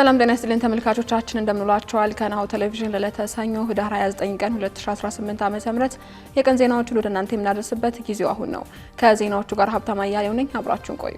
ሰላም ጤና ይስጥልን ተመልካቾቻችን፣ እንደምንላችኋል። ከናሁ ቴሌቪዥን ለዕለተ ሰኞ ህዳር 29 ቀን 2018 ዓ.ም የቀን ዜናዎችን ወደ እናንተ የምናደርስበት ጊዜው አሁን ነው። ከዜናዎቹ ጋር ሀብታማ አያሌው ነኝ። አብራችሁን ቆዩ።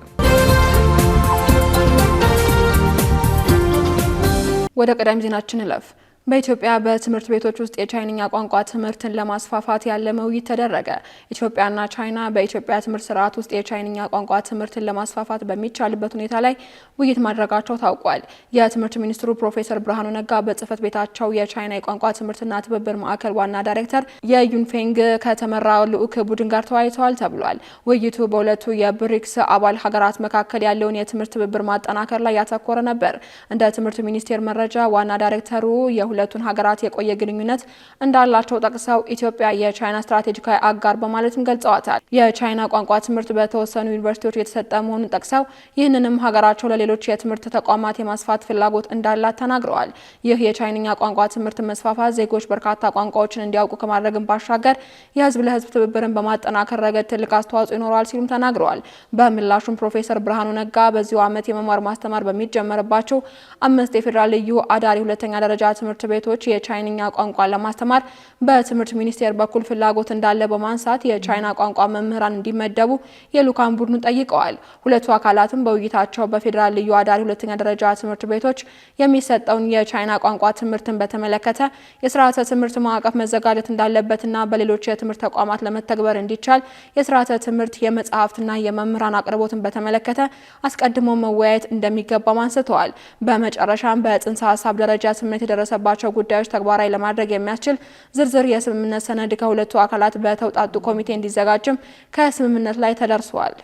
ወደ ቀዳሚ ዜናችን እለፍ። በኢትዮጵያ በትምህርት ቤቶች ውስጥ የቻይንኛ ቋንቋ ትምህርትን ለማስፋፋት ያለመ ውይይት ተደረገ። ኢትዮጵያና ቻይና በኢትዮጵያ ትምህርት ስርዓት ውስጥ የቻይንኛ ቋንቋ ትምህርትን ለማስፋፋት በሚቻልበት ሁኔታ ላይ ውይይት ማድረጋቸው ታውቋል። የትምህርት ሚኒስትሩ ፕሮፌሰር ብርሃኑ ነጋ በጽህፈት ቤታቸው የቻይና የቋንቋ ትምህርትና ትብብር ማዕከል ዋና ዳይሬክተር የዩንፌንግ ከተመራ ልዑክ ቡድን ጋር ተወያይተዋል ተብሏል። ውይይቱ በሁለቱ የብሪክስ አባል ሀገራት መካከል ያለውን የትምህርት ትብብር ማጠናከር ላይ ያተኮረ ነበር። እንደ ትምህርት ሚኒስቴር መረጃ ዋና ዳይሬክተሩ ሁለቱን ሀገራት የቆየ ግንኙነት እንዳላቸው ጠቅሰው ኢትዮጵያ የቻይና ስትራቴጂካዊ አጋር በማለትም ገልጸዋታል። የቻይና ቋንቋ ትምህርት በተወሰኑ ዩኒቨርሲቲዎች የተሰጠ መሆኑን ጠቅሰው ይህንንም ሀገራቸው ለሌሎች የትምህርት ተቋማት የማስፋት ፍላጎት እንዳላት ተናግረዋል። ይህ የቻይንኛ ቋንቋ ትምህርት መስፋፋት ዜጎች በርካታ ቋንቋዎችን እንዲያውቁ ከማድረግን ባሻገር የህዝብ ለህዝብ ትብብርን በማጠናከር ረገድ ትልቅ አስተዋጽኦ ይኖረዋል ሲሉም ተናግረዋል። በምላሹም ፕሮፌሰር ብርሃኑ ነጋ በዚሁ ዓመት የመማር ማስተማር በሚጀመርባቸው አምስት የፌዴራል ልዩ አዳሪ ሁለተኛ ደረጃ ትምህርት ትምህርት ቤቶች የቻይንኛ ቋንቋ ለማስተማር በትምህርት ሚኒስቴር በኩል ፍላጎት እንዳለ በማንሳት የቻይና ቋንቋ መምህራን እንዲመደቡ የሉካን ቡድኑ ጠይቀዋል። ሁለቱ አካላትም በውይይታቸው በፌዴራል ልዩ አዳሪ ሁለተኛ ደረጃ ትምህርት ቤቶች የሚሰጠውን የቻይና ቋንቋ ትምህርትን በተመለከተ የስርዓተ ትምህርት ማዕቀፍ መዘጋጀት እንዳለበትና በሌሎች የትምህርት ተቋማት ለመተግበር እንዲቻል የስርዓተ ትምህርት የመጽሐፍትና የመምህራን አቅርቦትን በተመለከተ አስቀድሞ መወያየት እንደሚገባም አንስተዋል። በመጨረሻም በጽንሰ ሀሳብ ደረጃ ስምምነት የደረሰባቸው የሚገባቸው ጉዳዮች ተግባራዊ ለማድረግ የሚያስችል ዝርዝር የስምምነት ሰነድ ከሁለቱ አካላት በተውጣጡ ኮሚቴ እንዲዘጋጅም ከስምምነት ላይ ተደርሷል።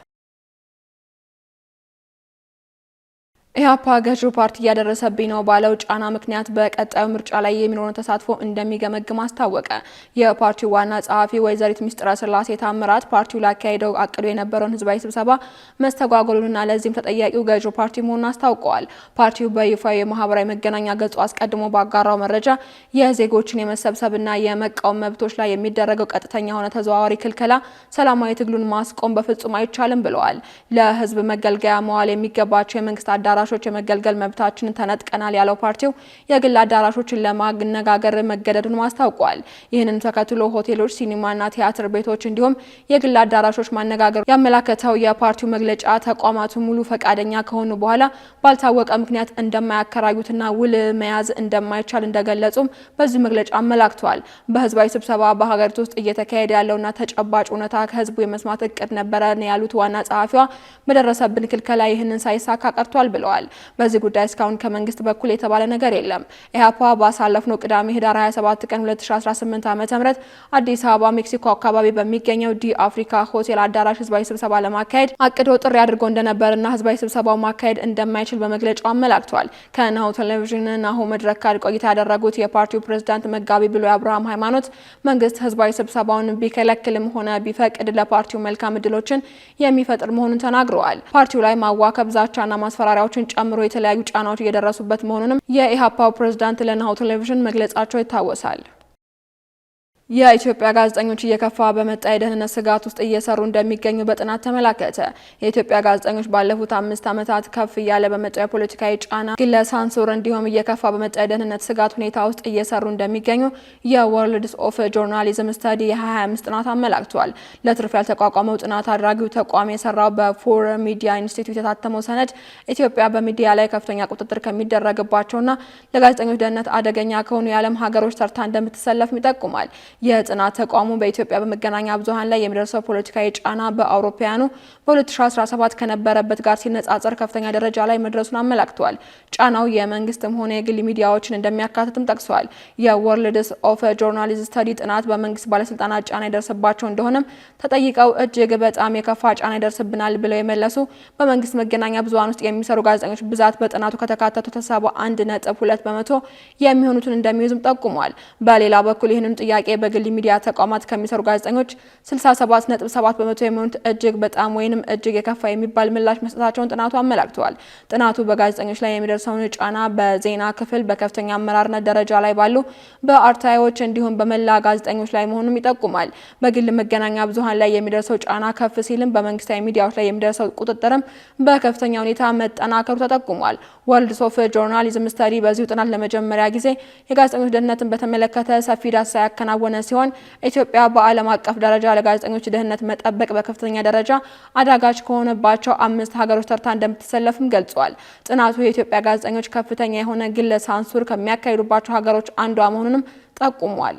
ኢህአፓ ገዢው ፓርቲ እያደረሰብኝ ነው ባለው ጫና ምክንያት በቀጣዩ ምርጫ ላይ የሚኖረውን ተሳትፎ እንደሚገመግም አስታወቀ። የፓርቲው ዋና ጸሐፊ ወይዘሪት ምስጢረ ስላሴ ታምራት ፓርቲው ላካሄደው አቅዶ የነበረውን ህዝባዊ ስብሰባ መስተጓጎሉንና ለዚህም ተጠያቂው ገዢው ፓርቲ መሆኑን አስታውቀዋል። ፓርቲው በይፋ የማህበራዊ መገናኛ ገጹ አስቀድሞ ባጋራው መረጃ የዜጎችን የመሰብሰብና የመቃወም መብቶች ላይ የሚደረገው ቀጥተኛ ሆነ ተዘዋዋሪ ክልከላ ሰላማዊ ትግሉን ማስቆም በፍጹም አይቻልም ብለዋል። ለህዝብ መገልገያ መዋል የሚገባቸው የመንግስት አዳራ አዳራሾች የመገልገል መብታችንን ተነጥቀናል ያለው ፓርቲው የግል አዳራሾችን ለማነጋገር መገደዱን አስታውቋል። ይህንን ተከትሎ ሆቴሎች፣ ሲኒማና ቲያትር ቤቶች እንዲሁም የግል አዳራሾች ማነጋገር ያመላከተው የፓርቲው መግለጫ ተቋማቱ ሙሉ ፈቃደኛ ከሆኑ በኋላ ባልታወቀ ምክንያት እንደማያከራዩትና ውል መያዝ እንደማይቻል እንደገለጹም በዚህ መግለጫ አመላክቷል። በህዝባዊ ስብሰባ በሀገሪቱ ውስጥ እየተካሄደ ያለውና ተጨባጭ እውነታ ከህዝቡ የመስማት እቅድ ነበረ ያሉት ዋና ጸሐፊዋ በደረሰብን ክልከላ ይህንን ሳይሳካ ቀርቷል ብለዋል። ብለዋል። በዚህ ጉዳይ እስካሁን ከመንግስት በኩል የተባለ ነገር የለም። ኢህአፓ ባሳለፍነው ቅዳሜ ህዳር 27 ቀን 2018 ዓ.ም አዲስ አበባ ሜክሲኮ አካባቢ በሚገኘው ዲ አፍሪካ ሆቴል አዳራሽ ህዝባዊ ስብሰባ ለማካሄድ አቅዶ ጥሪ አድርጎ እንደነበርና ህዝባዊ ስብሰባው ማካሄድ እንደማይችል በመግለጫው አመላክቷል። ከናሁ ቴሌቪዥን ናሁ መድረክ ካድ ቆይታ ያደረጉት የፓርቲው ፕሬዝዳንት መጋቢ ብሎ የአብርሃም ሃይማኖት መንግስት ህዝባዊ ስብሰባውን ቢከለክልም ሆነ ቢፈቅድ ለፓርቲው መልካም እድሎችን የሚፈጥር መሆኑን ተናግረዋል። ፓርቲው ላይ ማዋከብ፣ ዛቻና ማስፈራሪያዎች ሰዎችን ጨምሮ የተለያዩ ጫናዎች እየደረሱበት መሆኑንም የኢህአፓው ፕሬዝዳንት ለናሁ ቴሌቪዥን መግለጻቸው ይታወሳል። የኢትዮጵያ ጋዜጠኞች እየከፋ በመጣ የደህንነት ስጋት ውስጥ እየሰሩ እንደሚገኙ በጥናት ተመላከተ። የኢትዮጵያ ጋዜጠኞች ባለፉት አምስት ዓመታት ከፍ እያለ በመጣ የፖለቲካዊ ጫና፣ ግለ ሳንሱር እንዲሁም እየከፋ በመጣ የደህንነት ስጋት ሁኔታ ውስጥ እየሰሩ እንደሚገኙ የወርልድስ ኦፍ ጆርናሊዝም ስታዲ የ25 ጥናት አመላክቷል። ለትርፍ ያልተቋቋመው ጥናት አድራጊው ተቋም የሰራው በፎር ሚዲያ ኢንስቲትዩት የታተመው ሰነድ ኢትዮጵያ በሚዲያ ላይ ከፍተኛ ቁጥጥር ከሚደረግባቸውና ለጋዜጠኞች ደህንነት አደገኛ ከሆኑ የዓለም ሀገሮች ተርታ እንደምትሰለፍም ይጠቁማል። የጥናት ተቋሙ በኢትዮጵያ በመገናኛ ብዙኃን ላይ የሚደርሰው ፖለቲካዊ ጫና በአውሮፓውያኑ በ2017 ከነበረበት ጋር ሲነጻጸር ከፍተኛ ደረጃ ላይ መድረሱን አመላክተዋል። ጫናው የመንግስትም ሆነ የግል ሚዲያዎችን እንደሚያካትትም ጠቅሰዋል። የወርልድስ ኦፍ ጆርናሊዝም ስተዲ ጥናት በመንግስት ባለስልጣናት ጫና የደረሰባቸው እንደሆነም ተጠይቀው እጅግ በጣም የከፋ ጫና ይደርስብናል ብለው የመለሱ በመንግስት መገናኛ ብዙኃን ውስጥ የሚሰሩ ጋዜጠኞች ብዛት በጥናቱ ከተካተቱ ሰባ አንድ ነጥብ ሁለት በመቶ የሚሆኑትን እንደሚይዙም ጠቁሟል። በሌላ በኩል ይህንን ጥያቄ በግል ሚዲያ ተቋማት ከሚሰሩ ጋዜጠኞች 67.7 በመቶ የሚሆኑት እጅግ በጣም ወይንም እጅግ የከፋ የሚባል ምላሽ መስጠታቸውን ጥናቱ አመላክተዋል። ጥናቱ በጋዜጠኞች ላይ የሚደርሰውን ጫና በዜና ክፍል፣ በከፍተኛ አመራርነት ደረጃ ላይ ባሉ በአርታዎች እንዲሁም በመላ ጋዜጠኞች ላይ መሆኑም ይጠቁማል። በግል መገናኛ ብዙሀን ላይ የሚደርሰው ጫና ከፍ ሲልም በመንግስታዊ ሚዲያዎች ላይ የሚደርሰው ቁጥጥርም በከፍተኛ ሁኔታ መጠናከሩ ተጠቁሟል። ወርልድ ሶፍ ጆርናሊዝም ስተዲ በዚሁ ጥናት ለመጀመሪያ ጊዜ የጋዜጠኞች ደህንነትን በተመለከተ ሰፊ ዳሳ ያከናወነ ሲሆን ኢትዮጵያ በዓለም አቀፍ ደረጃ ለጋዜጠኞች ደህንነት መጠበቅ በከፍተኛ ደረጃ አዳጋች ከሆነባቸው አምስት ሀገሮች ተርታ እንደምትሰለፍም ገልጿል። ጥናቱ የኢትዮጵያ ጋዜጠኞች ከፍተኛ የሆነ ግለ ሳንሱር ከሚያካሂዱባቸው ሀገሮች አንዷ መሆኑንም ጠቁሟል።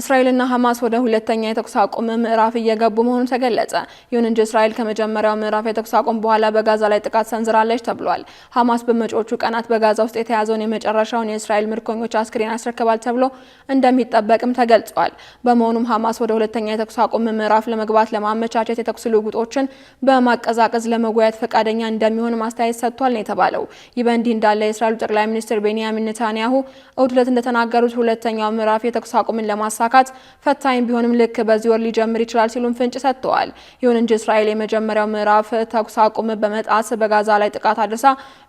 እስራኤልና ሐማስ ወደ ሁለተኛ የተኩስ አቁም ምዕራፍ እየገቡ መሆኑ ተገለጸ። ይሁን እንጂ እስራኤል ከመጀመሪያው ምዕራፍ የተኩስ አቁም በኋላ በጋዛ ላይ ጥቃት ሰንዝራለች ተብሏል። ሐማስ በመጪዎቹ ቀናት በጋዛ ውስጥ የተያዘውን የመጨረሻውን የእስራኤል ምርኮኞች አስክሬን ያስረክባል ተብሎ እንደሚጠበቅም ተገልጿል። በመሆኑም ሐማስ ወደ ሁለተኛ የተኩስ አቁም ምዕራፍ ለመግባት ለማመቻቸት የተኩስ ልውውጦችን በማቀዛቀዝ ለመጓየት ፈቃደኛ እንደሚሆን ማስተያየት ሰጥቷል ነው የተባለው። ይህ በእንዲህ እንዳለ የእስራኤሉ ጠቅላይ ሚኒስትር ቤንያሚን ኔታንያሁ እሁድ ዕለት እንደተናገሩት ሁለተኛው ምዕራፍ የተኩስ አቁምን ለማሳ ማሳካት ፈታኝ ቢሆንም ልክ በዚህ ወር ሊጀምር ይችላል ሲሉም ፍንጭ ሰጥተዋል። ይሁን እንጂ እስራኤል የመጀመሪያው ምዕራፍ ተኩስ አቁም በመጣስ በጋዛ ላይ ጥቃት አድርሳ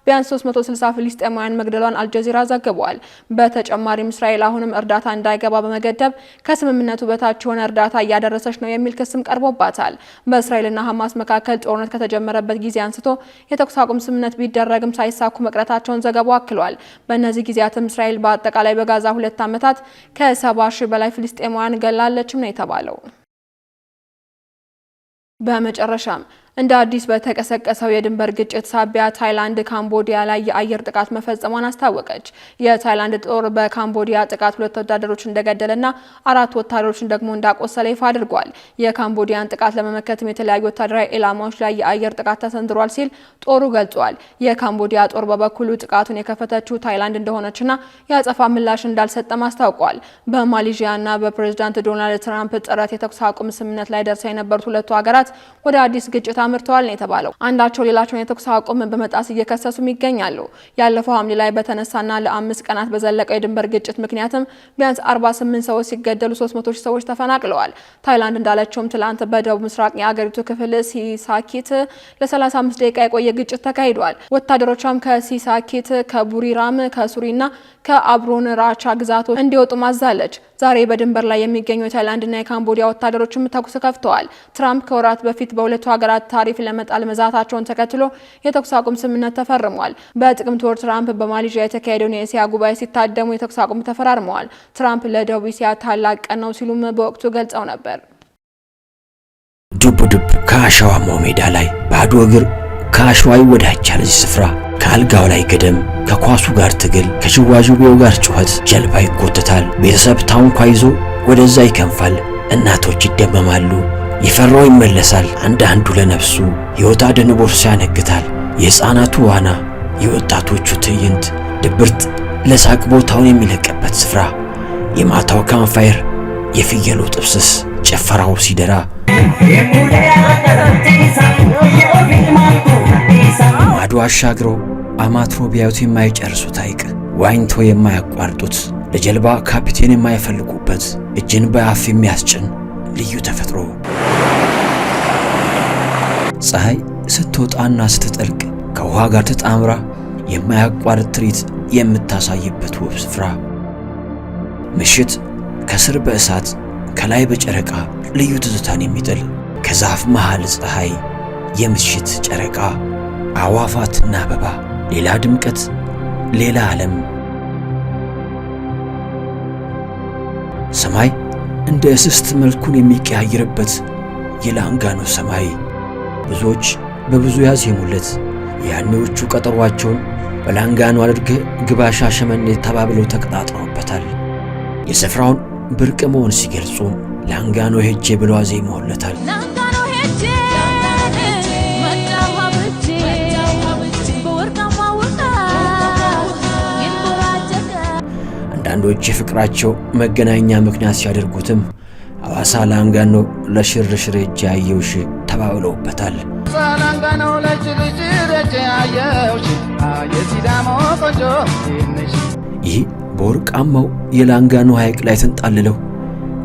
ቢያንስ 360 ፍልስጤማውያን መግደሏን አልጀዚራ ዘግቧል። በተጨማሪም እስራኤል አሁንም እርዳታ እንዳይገባ በመገደብ ከስምምነቱ በታች የሆነ እርዳታ እያደረሰች ነው የሚል ክስም ቀርቦባታል። በእስራኤልና ሐማስ መካከል ጦርነት ከተጀመረበት ጊዜ አንስቶ የተኩስ አቁም ስምምነት ቢደረግም ሳይሳኩ መቅረታቸውን ዘገባው አክሏል። በእነዚህ ጊዜያትም እስራኤል በአጠቃላይ በጋዛ ሁለት ዓመታት ከ70 ሺህ በላይ ፍልስጤማውያን ገላለችም ነው የተባለው። በመጨረሻም እንደ አዲስ በተቀሰቀሰው የድንበር ግጭት ሳቢያ ታይላንድ ካምቦዲያ ላይ የአየር ጥቃት መፈጸሟን አስታወቀች። የታይላንድ ጦር በካምቦዲያ ጥቃት ሁለት ወታደሮች እንደገደለና አራት ወታደሮችን ደግሞ እንዳቆሰለ ይፋ አድርጓል። የካምቦዲያን ጥቃት ለመመከትም የተለያዩ ወታደራዊ ኢላማዎች ላይ የአየር ጥቃት ተሰንዝሯል ሲል ጦሩ ገልጿል። የካምቦዲያ ጦር በበኩሉ ጥቃቱን የከፈተችው ታይላንድ እንደሆነችና የአጸፋ ምላሽ እንዳልሰጠም አስታውቋል። በማሌዥያና በፕሬዚዳንት ዶናልድ ትራምፕ ጥረት የተኩስ አቁም ስምምነት ላይ ደርሰው የነበሩት ሁለቱ ሀገራት ወደ አዲስ ግጭት አምርተዋል ነው የተባለው። አንዳቸው ሌላቸውን የተኩስ አቁምን በመጣስ እየከሰሱም ይገኛሉ። ያለፈው ሐምሌ ላይ በተነሳና ለአምስት ቀናት በዘለቀው የድንበር ግጭት ምክንያትም ቢያንስ 48 ሰዎች ሲገደሉ 300 ሺህ ሰዎች ተፈናቅለዋል። ታይላንድ እንዳለችውም ትላንት በደቡብ ምስራቅ የአገሪቱ ክፍል ሲሳኪት ለ35 ደቂቃ የቆየ ግጭት ተካሂዷል። ወታደሮቿም ከሲሳኪት ከቡሪራም ከሱሪና ከአብሮን ራቻ ግዛቶች እንዲወጡ ማዛለች። ዛሬ በድንበር ላይ የሚገኙ የታይላንድና የካምቦዲያ ወታደሮችም ተኩስ ከፍተዋል። ትራምፕ ከወራት በፊት በሁለቱ ሀገራት ታሪፍ ለመጣል መዛታቸውን ተከትሎ የተኩስ አቁም ስምምነት ተፈርሟል። በጥቅምት ወር ትራምፕ በማሌዥያ የተካሄደውን የእስያ ጉባኤ ሲታደሙ የተኩስ አቁም ተፈራርመዋል። ትራምፕ ለደቡብ እስያ ታላቅ ቀን ነው ሲሉም በወቅቱ ገልጸው ነበር። ዱብ ዱብ ከአሸዋማው ሜዳ ላይ ባዶ እግር ከአሸዋ ይወዳጃል እዚህ ስፍራ ከአልጋው ላይ ግድም፣ ከኳሱ ጋር ትግል፣ ከዥዋዥዌው ጋር ጩኸት ጀልባ ይጎተታል። ቤተሰብ ታንኳ ይዞ ወደዛ ይከንፋል። እናቶች ይደመማሉ። ይፈራው ይመለሳል። አንዳንዱ ለነፍሱ ሕይወት አድን ቦርሳ ያነግታል። የሕፃናቱ ዋና፣ የወጣቶቹ ትዕይንት፣ ድብርት ለሳቅ ቦታውን የሚለቀበት ስፍራ፣ የማታው ካምፋየር፣ የፍየሉ ጥብስስ፣ ጭፈራው ሲደራ ማዶ አሻግረው አማትሮ ቢያዩት የማይጨርሱት ሐይቅ፣ ዋኝቶ የማያቋርጡት፣ ለጀልባ ካፒቴን የማይፈልጉበት፣ እጅን በአፍ የሚያስጭን ልዩ ተፈጥሮ። ፀሐይ ስትወጣና ስትጠልቅ ከውሃ ጋር ተጣምራ የማያቋርጥ ትርኢት የምታሳይበት ውብ ስፍራ። ምሽት ከስር በእሳት ከላይ በጨረቃ ልዩ ትዝታን የሚጥል ከዛፍ መሃል ፀሐይ፣ የምሽት ጨረቃ፣ አዋፋትና አበባ ሌላ ድምቀት፣ ሌላ ዓለም። ሰማይ እንደ እስስት መልኩን የሚቀያየርበት የላንጋኖ ሰማይ ብዙዎች በብዙ ያዜሙለት ያኔዎቹ ቀጠሯቸውን በላንጋኖ አድርገ ግባሻ ሸመኔ ተባብለው ተቀጣጥረውበታል። የስፍራውን ብርቅ መሆን ሲገልጹ ላንጋኖ ሄጄ ብለው አዜመውለታል። አንዳንዶች የፍቅራቸው መገናኛ ምክንያት ሲያደርጉትም ሐዋሳ ላንጋኖ ለሽርሽር እጅ አየውሽ ተባብለውበታል። ይህ በወርቃማው የላንጋኖ ሐይቅ ላይ ተንጣልለው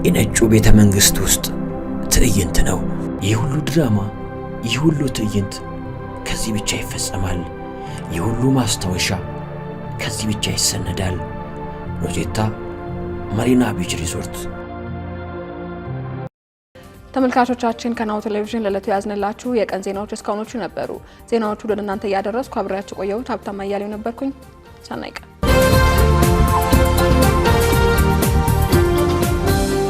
የነጩ ቤተ መንግሥት ውስጥ ትዕይንት ነው። ይህ ሁሉ ድራማ፣ ይህ ሁሉ ትዕይንት ከዚህ ብቻ ይፈጸማል። ይህ ሁሉ ማስታወሻ ከዚህ ብቻ ይሰነዳል። ሎዜታ መሪና ቢች ሪዞርት። ተመልካቾቻችን ከናሁ ቴሌቪዥን ለዕለቱ ያዝንላችሁ የቀን ዜናዎች እስካሁኖቹ ነበሩ። ዜናዎቹ ወደ እናንተ እያደረስኩ አብሬያችሁ ቆየሁት። ሀብታማ እያሌው ነበርኩኝ። ሰናይ ቀን